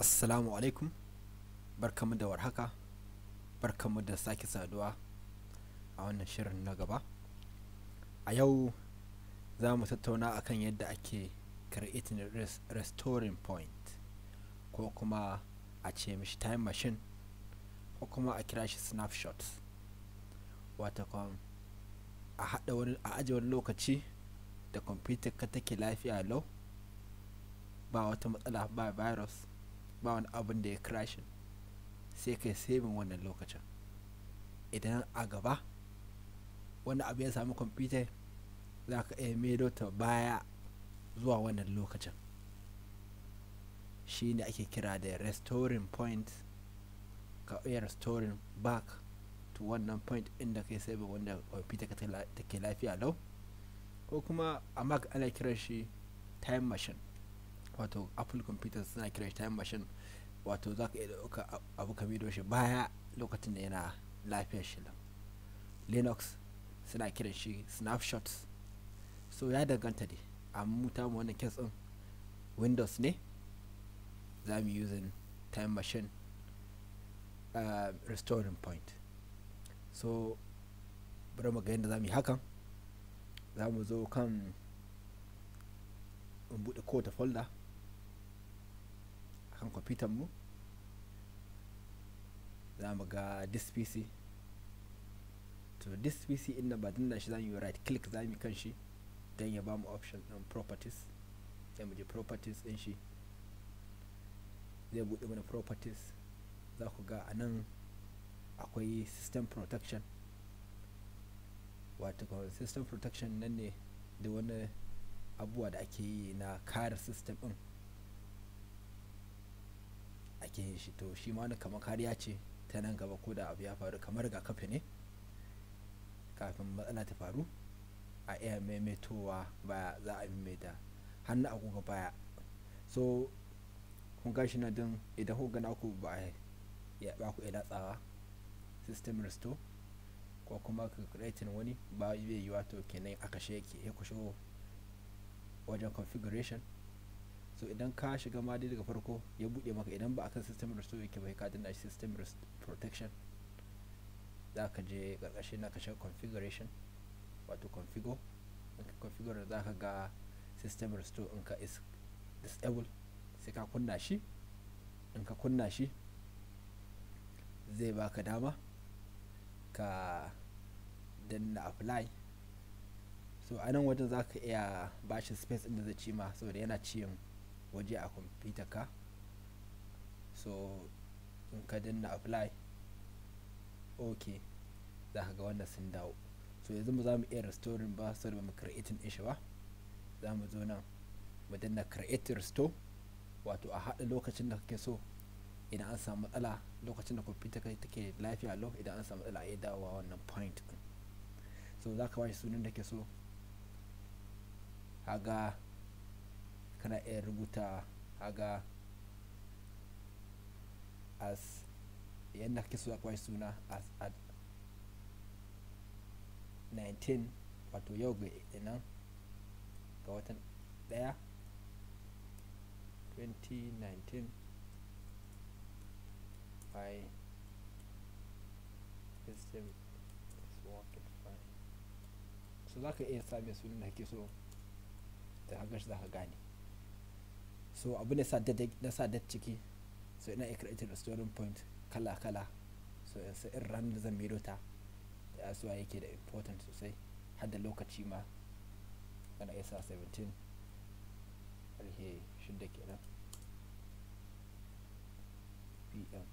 Assalamu alaikum barkamu da warhaka barkamu da sake saduwa a wannan shirin na gaba a yau za mu tattauna akan yadda ake creating restoring point ko kuma a ce mishi time machine ko kuma a kira shi snapshots, wata a haɗa wani a ajiye wani lokaci da kwamfutar ka take lafiya lau ba wata matsala ba virus ba wani abin da ya crashin sai kai saving wannan lokacin idan a gaba wani abu ya sami kwamfuta za ka iya maido ta baya zuwa wannan lokacin shi ne ake kira da restoring point ka iya restoring back to wannan point inda kai sai wanda kwamfuta ka ke lafiya lau ko kuma a mac ana kiran shi time machine wato apple computer suna kiran shi time machine wato za ka iya ɗauka abu ka mido shi baya lokacin da yana lafiyar shi linux suna kiran shi snapshots so ya danganta dai amma ta mu wannan kes din windows ne za mu using time machine uh, restoring point so bari mu ga yadda za mu yi hakan za mu zo kan in buɗe kowace folder kan kwamfutar mu za mu ga this pc to this pc inda ba dinda shi za mu yi right click za mu kan shi don ya ba mu option ɗin properties sai mu je properties ɗin shi zai buɗe mana properties za ku ga a akwai system protection wato system protection nan ne da wani abuwa da ake yi na kare system ɗin ake yin shi to shi ma kamar kariya ce ta nan gaba ko da abu ya faru kamar rigakafi ne kafin matsala ta faru a iya maimaitowa baya za a maimaita hannu agogo baya so kun gashi na din idan ku gana ku ba ya ba ku latsawa system restore ko kuma ka creating wani ba zai yi wato kenan aka yake ya ku wajen configuration so idan ka shiga ma daga farko ya bude maka idan ba akan system restore yake bai ka shi system protection za ka je karkashi na ka shiga configuration wato configure configure za ka ga system restore in ka is disable sai ka kunna shi in ka kunna shi zai baka dama ka danna apply so a nan wajen za ka iya bashi space inda zai ci ma saboda yana ciyin waje a kwamfuta ka so in ka dinna apply ok za ka ga wannan sun dawo so yanzu mu za mu iya restoring ba so ba mu creating din shi ba za mu zo nan mu dinna create restore wato a haɗa lokacin da kake so idan an samu matsala lokacin da kwamfuta ka take lafiya lo idan an samu matsala ya dawowa wannan point so za ka bashi sunan da ke so haga kana iya rubuta haga as yadda kake so akwai suna as at 19 wato yau ga nan ga watan daya 2019 by system is working fine so za ka iya samun sunan da kake so da hagar shi za ka gane so abu ne na sa dat ciki so ina creating storing point kala kala so yanzu in ranar da zan mero ta da asuwa yake da important sosai har da lokaci ma ana iya sa 17 alhe shidda kenan pm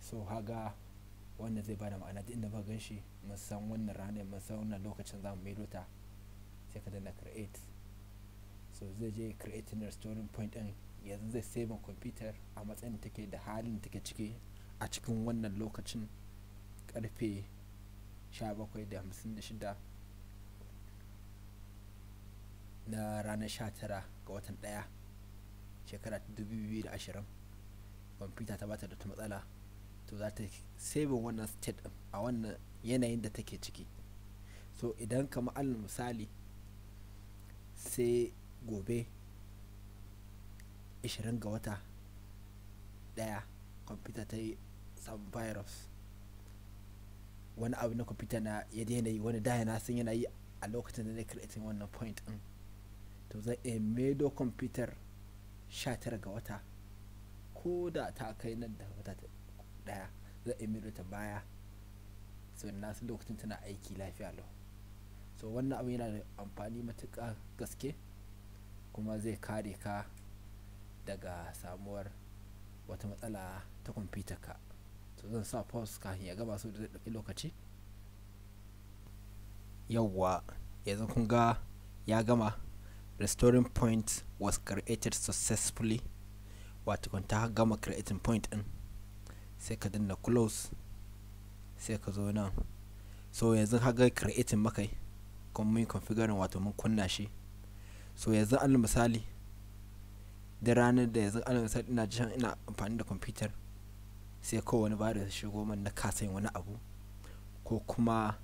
so haga Wannan zai bada ma'ana duk inda gan shi mun san wannan ranar mun san wannan lokacin za mu maido ta sai ka danna create so zai je create na restoring point din yanzu zai save computer a matsayin da take da halin da take ciki a cikin wannan lokacin karfe 17:56 na ranar 19 ga watan 1 shekara 2020 kwamfuta ta bata da ta matsala to za ta saving wannan state a wannan yanayin da take ciki so idan kama allah misali sai gobe 20 ga wata daya kwamfuta ta yi some virus wani abu na kwamfuta na ya daina yi wani daya na san yana yi a lokacin da na creating wannan point din to zai a medo kwamfutar 19 ga wata ko da ta kai nan da wata daya za a miro ta baya so na sun lokacin tana aiki lafiya lau so wannan abu yana da amfani matuƙa gaske kuma zai kare ka daga samuwar wata matsala ta kwamfutar ka so zan sa post kafin ya gaba so da zai lokaci yawwa yanzu kun ga ya gama restoring point was created successfully wato ta gama creating point din sai ka danna close sai ka zo nan so yanzu haga creating makai kuma mun configuring wato mun kunna shi so yanzu al misali da ranar da yanzu al misali ina jin ina amfani da computer sai kowane virus ya shigo na kasa yin wani abu ko kuma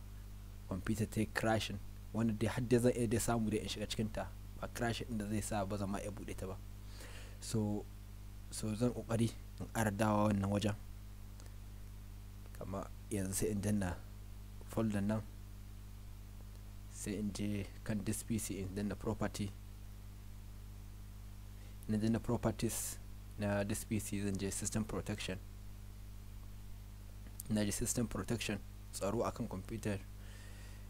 computer ta yi crashing wanda dai har da zan iya dai samu da in shiga cikin ta ba din da zai sa ba zama ya bude ta ba so so zan kokari in ƙara dawa wannan wajen yanzu sai in danna folder nan sai in je kan this pc in danna property na danna properties na this pc zan je system protection na je system protection tsaro akan computer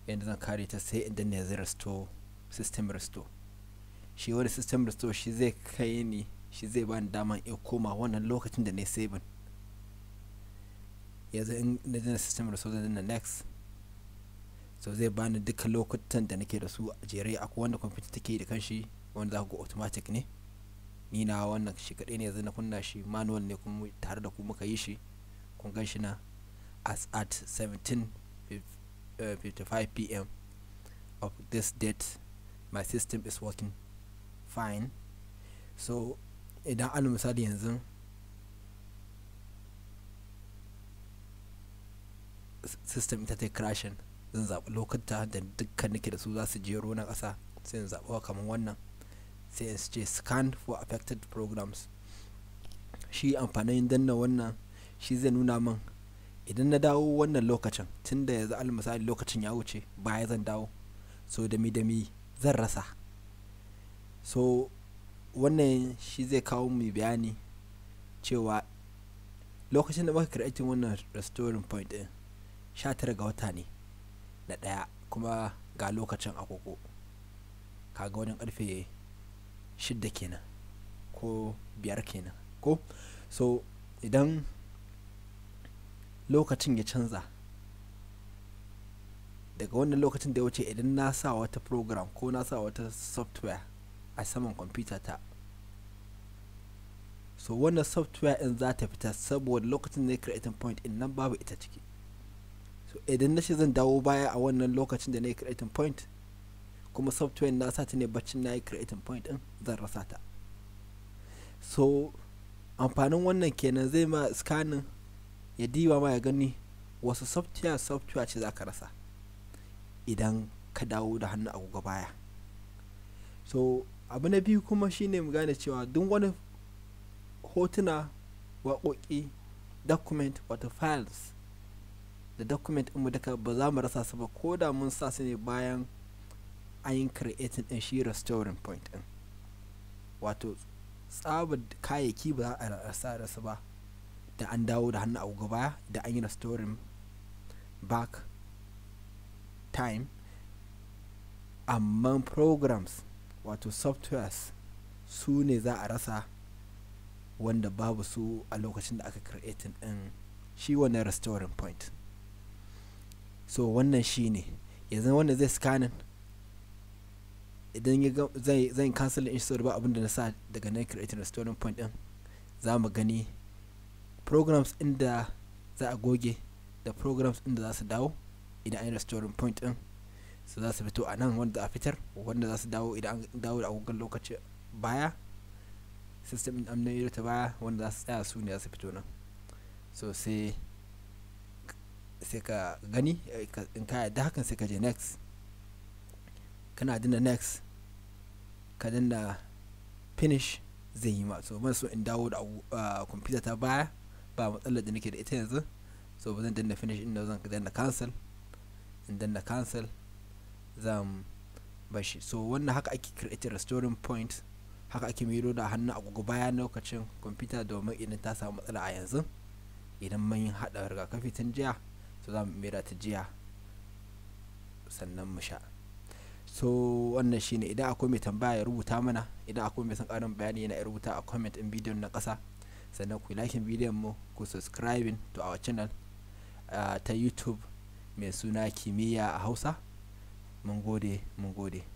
yanzu zan kare ta sai in danna yanzu restore system restore shi wani system restore shi zai kai ni shi zai bani daman iya koma wannan lokacin da na yi saving yanzu in na jina system resources na next so zai bani duka lokutan da nake da su a jere akwai wanda kwamfuta take da kanshi wanda za ku ga automatic ne ni na wannan shi kaɗai ne yanzu na kunna shi manual ne kuma tare da ku muka yi shi kun gan shi na as at 17:55 eh, pm of this date my system is working fine so idan an misali yanzu system ita ta crashing zan zaɓi lokuta da dukkan nake da su za su jero na ƙasa sai in zaɓi kamar wannan sai in ce scan for affected programs shi amfanin danna wannan shi zai nuna min idan na dawo wannan lokacin tun da yanzu al misali lokacin ya wuce baya zan dawo so da mi da mi zan rasa so wannan shi zai kawo mu bayani cewa lokacin da muka creating wannan restoring point din 19 ga wata ne na ɗaya kuma ga lokacin agogo kaga wani karfe shidda kenan ko biyar kenan ko so idan lokacin ya canza daga wannan lokacin da ya wuce idan na sa wata program ko na sa wata software a saman kwamfuta ta so wannan software in za ta fita saboda lokacin da ya creating point in nan babu ita ciki so idan na shi zan dawo baya a wannan lokacin da na yi creating point kuma software na sa ta ne baccin na yi creating point din zan rasa ta so amfanin wannan kenan zai ma scanning ya diba ma ya gani wasu software software ce za ka rasa idan ka dawo da hannu a agogo baya so abu na biyu kuma shine mu gane cewa duk wani hotuna waƙoƙi document wato files da document mu daga ba za mu rasa su ba ko da mun sa su ne bayan ayin creating din shi restoring point din wato tsabar kayayyaki ba za a rasa su ba da an dawo da hannu a baya da an yi restoring back time amma programs wato softwares su ne za a rasa wanda babu su a lokacin da aka creating din shi wannan restoring point so wannan ne yanzu wanda zai scanin idan zai zan cancel in shi ba abin da na sa daga nan creating storing point din za mu gani programs inda za a goge da programs inda za su dawo idan an yi restoring point din su za su fito a nan wanda a fitar wanda za su dawo idan an dawo da agogon lokaci baya system din amna ta baya wanda za su tsaya su ne za su fito nan so sai sai ka gani eh, in ka yadda hakan sai ka je next kana dinna next ka dinna finish zai yi ma so ban so in dawo da computer ta baya ba matsalar da nake da ita yanzu so ba zan dinna finish inda zan dinna cancel in dinna cancel zan bashi so wannan haka ake create restoring point haka ake miro da hannu gugu baya na lokacin computer domin idan ta samu matsala a yanzu idan mun haɗa rigakafi tun jiya so za mu mera ta jiya sannan mu sha so wannan shine idan akwai mai tambaya ya rubuta mana idan akwai mai son karin bayani yana rubuta a comment in bidiyon na kasa sannan ku like bidiyon mu ku subscribing to our channel ta youtube mai suna kimiyya a hausa mun gode mun gode